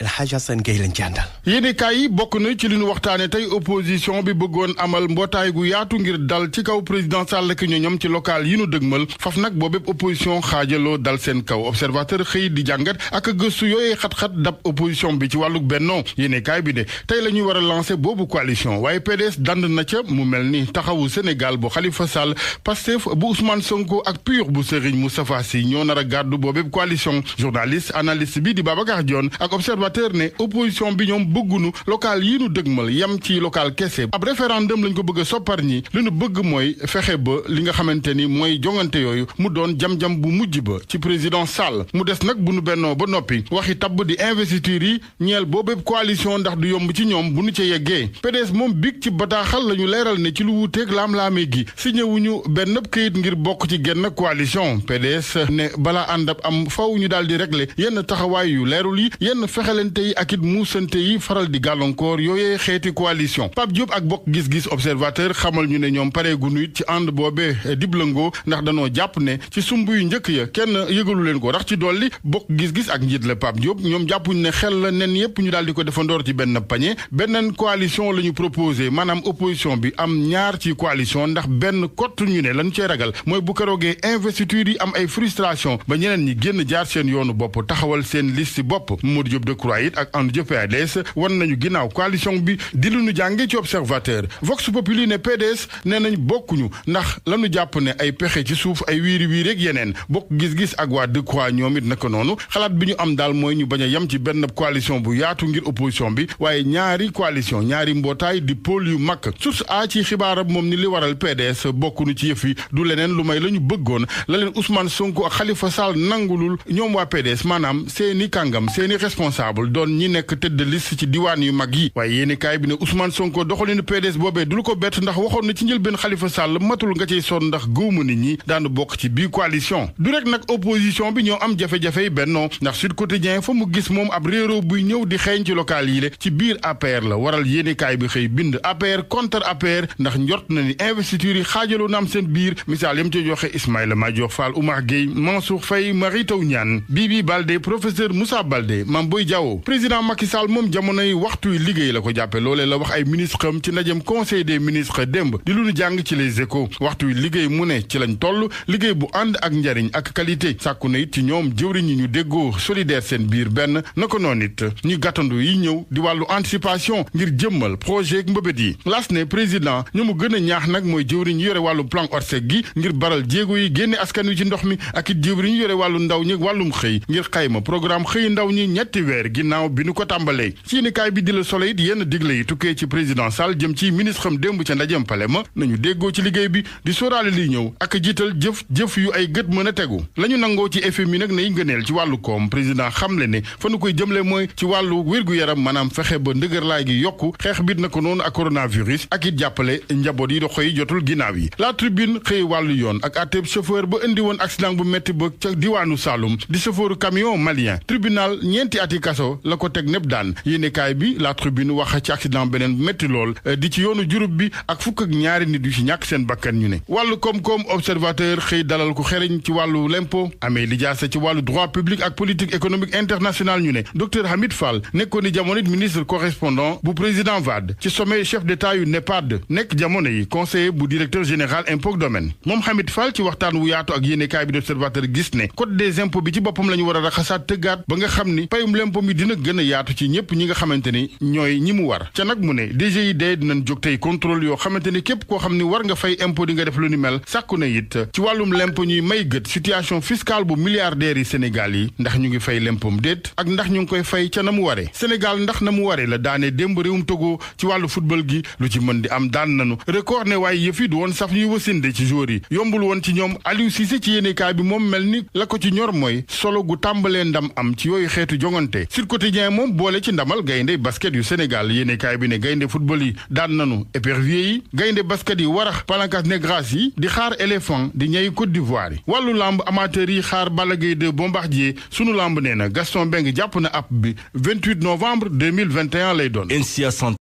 El Hadj Assane Gueye lañ ci àndal. yéenekaay yi bokk na ci li ñu waxtaanee tey opposition bi bëggoon amal mbootaay gu yaatu ngir dal ci kaw président Sall ak ñoom ci local yi ñu dëgmal faf nag boobépp opposition xaajaloo dal seen kaw observateur xëy di jàngat ak gëstu yooyee xat-xat dab opposition bi ci wàllug bennoo yéenekaay bi ne tey la ñuy war a lancer boobu coalition waaye PDS dand na ca mu mel ni taxawu Sénégal bu Khalifa Sall Pastef bu Ousmane Sonko ak PUR bu Serigne Moustapha Sy ñoo nar a gàddu boobépp coalition journaliste analyste bi di Babacar opposition bi ñom bëggunu local yi ñu dëgmal ci local kessé ab référendum lañ ko bëgg a soppar ñi li ñu bëgg moy fexé ba li nga xamanteni moy jongante mu doon jam-jam bu mujj ba ci président Sall mu des nak bu ñu ba waxi di investiture yi coalition ndax du yomb ci ñom bu ñu ci yeggé PDS mom big ci la ñu ne ci lu ak lam gi signé wuñu benn ngir bok ci coalition PDS ne bala andap am faw ñu yen régler yenn taxawaay yu yi yenn qui yi ak it faral di coalition Pape Diop ak bokk gis-gis observateur xamal ñu ne ñoom Bobe gu ci ànd boobee eh, diblangoo ndax danoo jàpp ne ci sumb yu ya kenn ko ci bokk gis-gis ak la Diop ñoom jàppuñ ne xel la nen yépp ñu di ko ci coalition la ñu proposé opposition bi am ñaar coalition ndax ben kott ñu ne lañ cee ragal investiture yi am ay frustration ba ñeneen ñi génn jaar seen yoonu bopp taxawal seen liste croix ak And Jëf PADS wan nañu ginnaaw coalition bi di lu ñu ci observateur Vox Populi né PDS né nañ bokkuñu ndax lañu japp né ay pexé ci souf ay wiri wiri ak yenen bokk gis-gis ak wa De Croix ñomit naka nonu xalaat biñu am dal moy ñu baña yam ci benn coalition bu yaatu ngir opposition bi waye ñaari coalition ñaari mbotay di pôle yu mak source a ci xibaar mom ni li waral PDS bokkuñu ci yëf yi du leneen lu may lañu bëggoon la leen Ousmane Sonko ak Khalifa Sall nangulul ñom wa PDS maanaam seeni kàngam seeni responsable responsable doon ñi nekk tête de liste ci diwaan yu mag yi waaye yéeni kaay bi ne Ousmane Sonko doxalinu PDS boobee du lu ko bett ndax waxoon na ci njëlbeen Khalifa Sall matul nga ciy sonn ndax gëwma nit ñi daanu bokk ci biir coalition du rek nag opposition bi ñoo am jafe-jafe yi bennoo ndax Sud fa mu gis moom ab réeroo buy ñëw di xeeñ ci local yi le ci biir APR la waral yéeni bi xëy bind APR contre APR ndax njort na ni investiture yi xaajaloo na am seen biir misaal yam ca joxe Ismaïla Madior Fall Oumar Gueye Mansour Faye Mary Teuw Niane Bibi Baldé professeur Moussa Baldé président Macky Sall moom jamonoy yi liggéey la ko jappé lolé la wax ay ministre comme, ci ndajem conseil des ministres Demb di luñu jang ci les échos waxtu liggéey mu ne ci lañ toll liguey bu and ak njariñ ak qualité sakku na ci ñom jëwriñ ñu déggo solidaire sen bir ben nako nonit ñu anticipation ngir jëmmal projet ak président ñu mu gëna a ñaax jëwriñ yoré walu plan orsec gi ngir baral djégo yi génne askan wi ci ndox mi ak jëwriñ yoré walu ndaw ñi Walum xey ngir xayma programme xey ndaw ñi ñetti ginnaaw bi nu ko tàmbalee ci yéenekaay bi di la Soleil it yenn digle yi tukkee ci président Sall jëm ci ministre am démb ca ndajem pale ma nañu déggoo ci liggéey bi di sóoraale liy ñëw ak jiital jëf jëf yu ay gët mën a tegu la ñu nangoo ci FMI na nay ngëneel ci wàllu koom président xamle ne fa nu koy jëmle mooy ci wàllu wér yaram maanaam fexe ba ndëgërlaay gi yokk xeex bit na ko noonu ak coronavirus ak it jàppale njaboot yi doxoy jotul ginnaaw yi la tribune xëy wàllu yoon ak àtteeb ba indi woon accident bu metti ba ca diwaanu Saloum di chauffeuru camion malien tribunal ñeenti ati kaso la ko teg népp bi la tribune wax ci accident Benen métti lool eh, di ci yoonu jurub bi ak fukk ak ñaari nit yu ci observateur xëy dalal ko xereñ ci wàllu lempo amee li jaase ci droit public ak politique économique internationale ñu docteur Hamid Fall nekkoon ni ministre correspondant bu président Wade ci sommet chef d'état yu NEPAD nekk jamono yi conseiller bu directeur général impôt domaine Mom Hamid Fall ci waxtaan wu yaatu ak yéenekaay bi observateur gis code des impôts bi ci boppam la ñu war a raxasaat ba nga payum lempo mi dina gën yaatu ci ñëpp ñi nga xamante ni ñooy ñi mu war ca nag mu ne DGID dinañ jog tey contrôle yoo xamante ni képp koo xam ni war nga fay impôt di nga def lu ni mel sàkku na it ci wàllum lempo ñuy may gët situation fiscale bu milliardaires yi Sénégal yi ndax ñu ngi fay lempom déet ak ndax ñu ngi koy fay ca na mu waree Sénégal ndax na mu waree la daane démb réewum Togo ci wàllu football gi lu ci mën di am daan nanu record ne waaye yëf yi du woon saf ñuy wasinde ci joueur yi yombul woon ci ñoom Aliou Cissé ci yéenekaay bi moom mel ni la ko ci ñor mooy solo gu tàmbalee ndam am ci yooyu xeetu jongante Sud Quotidien mon bolé ci ndamal gaynde basket du Sénégal kay bi ne gaynde football yi daan nanu épervier yi gaynde basket yi warax palankas negras yi di xaar éléphant di ñey Côte d'Ivoire walu lamb amateur yi xaar de Gaye Bombardier sunu lamb nee na Gaston Mbengue japp na app bi 28 novembre 2021 lay doon